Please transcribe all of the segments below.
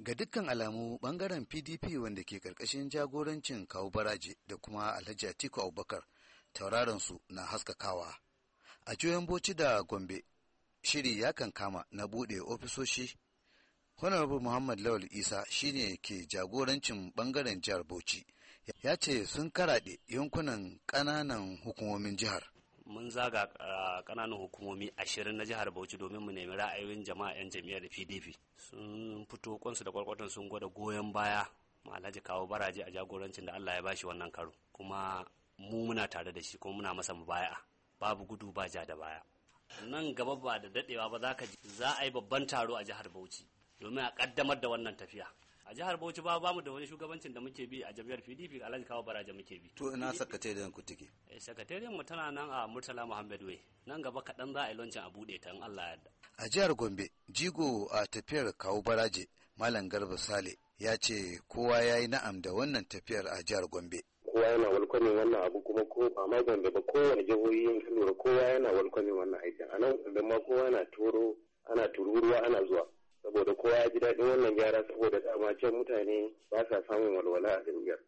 ga dukkan alamu bangaren pdp wanda ke karkashin jagorancin kawo baraje da kuma alhaji atiku abubakar tauraron su na haskakawa a juyan boci da gombe shiri ya kan kama na bude ofisoshi honorable muhammad lawal isa shine ke jagorancin bangaren jihar bauchi ya ce sun karaɗe yankunan ƙananan hukumomin jihar mun zaga kananan ah, hukumomi ashirin na jihar bauchi domin mu nemi ra'ayoyin jama'a 'yan jam'iyyar pdp sun fito kwansu da kwarkwatan sun gwada goyon baya ma alhaji kawo baraje a jagorancin da allah ya bashi wannan karo kuma mu muna tare da shi kuma muna masa baya babu gudu ba ja da baya nan gaba ba da dadewa ba za ka za a yi babban taro a jihar bauchi domin a kaddamar da wannan tafiya a jihar Bauchi ba bamu da wani shugabancin da muke bi a jam'iyyar PDP Alhaji Kawo Baraje muke bi to ina sakatariyan ku take eh sakatariyan mu tana nan a Murtala Muhammad Way nan gaba kaɗan za a yi lancin a buɗe ta in Allah yarda a jihar Gombe jigo a tafiyar Kawo Baraje Malam Garba Sale ya ce kowa ya yi na'am da wannan tafiyar a jihar Gombe kowa yana walkwamin wannan abu kuma ko ba ma Gombe ba kowane jihohi yin lura kowa yana walkwamin wannan aikin a nan ma kowa yana turo ana tururuwa ana zuwa saboda kowa ya ji daɗin wannan gyara saboda dama can mutane ba sa samun walwala a jam'iyyar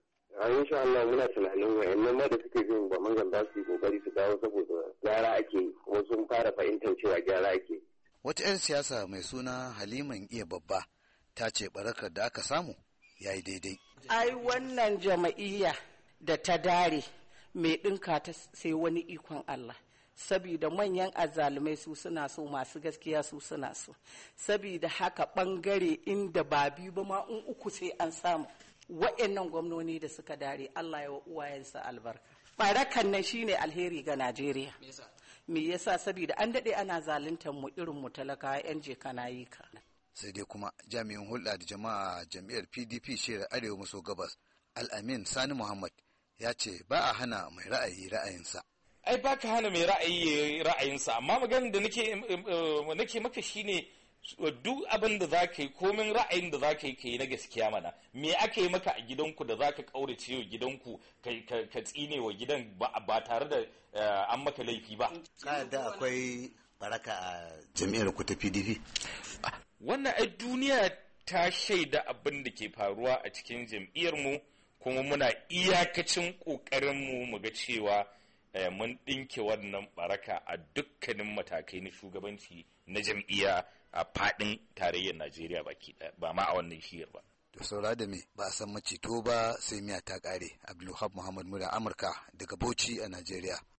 a insha Allah muna tunanin wayannan ma da suke jin ba mangan za su yi kokari su dawo saboda gyara ake kuma sun fara fahimtar cewa gyara ake wata 'yan siyasa mai suna haliman iya babba ta ce barakar da aka samu ya yi daidai ai wannan jama'iyya da ta dare mai ɗinka ta sai wani ikon Allah sabida manyan azzalumai su suna so masu gaskiya su suna so sabida haka bangare inda ba biyu ba ma in uku sai an samu wa'annan gwamnoni da suka dare Allah ya wa uwayensa albarka barakan nan shine alheri ga Najeriya me yasa sabida an dade ana zaluntar mu irin mu talaka yan je kana yi ka sai dai kuma jami'in hulɗa da jama'a jami'ar PDP shirar Arewa maso gabas Al-Amin Sani Muhammad ya ce ba a hana mai ra'ayi ra'ayinsa ai baka hana mai ra'ayi ra'ayinsa amma maganar da nake maka shine duk abin da za ka yi komin ra'ayin da za ka yi ka yi na gaskiya mana me aka yi maka a gidanku da za ka ƙaurace wa gidanku ka tsine wa gidan ba tare da eh, an maka laifi ba da akwai baraka a jami'ar ku ta pdp wannan ai duniya ta shaida abin da ke faruwa a cikin jam'iyyar mu kuma muna iyakacin ƙoƙarinmu mu ga cewa Eh, mun ɗinke wannan baraka a dukkanin matakai na shugabanci na jam'iyya a faɗin tarayyar najeriya baki ba ma a wannan shiyar ba to saura da me ba a san to ba sai miya ta ƙare abdulhab muhammad mura amurka daga bauchi a najeriya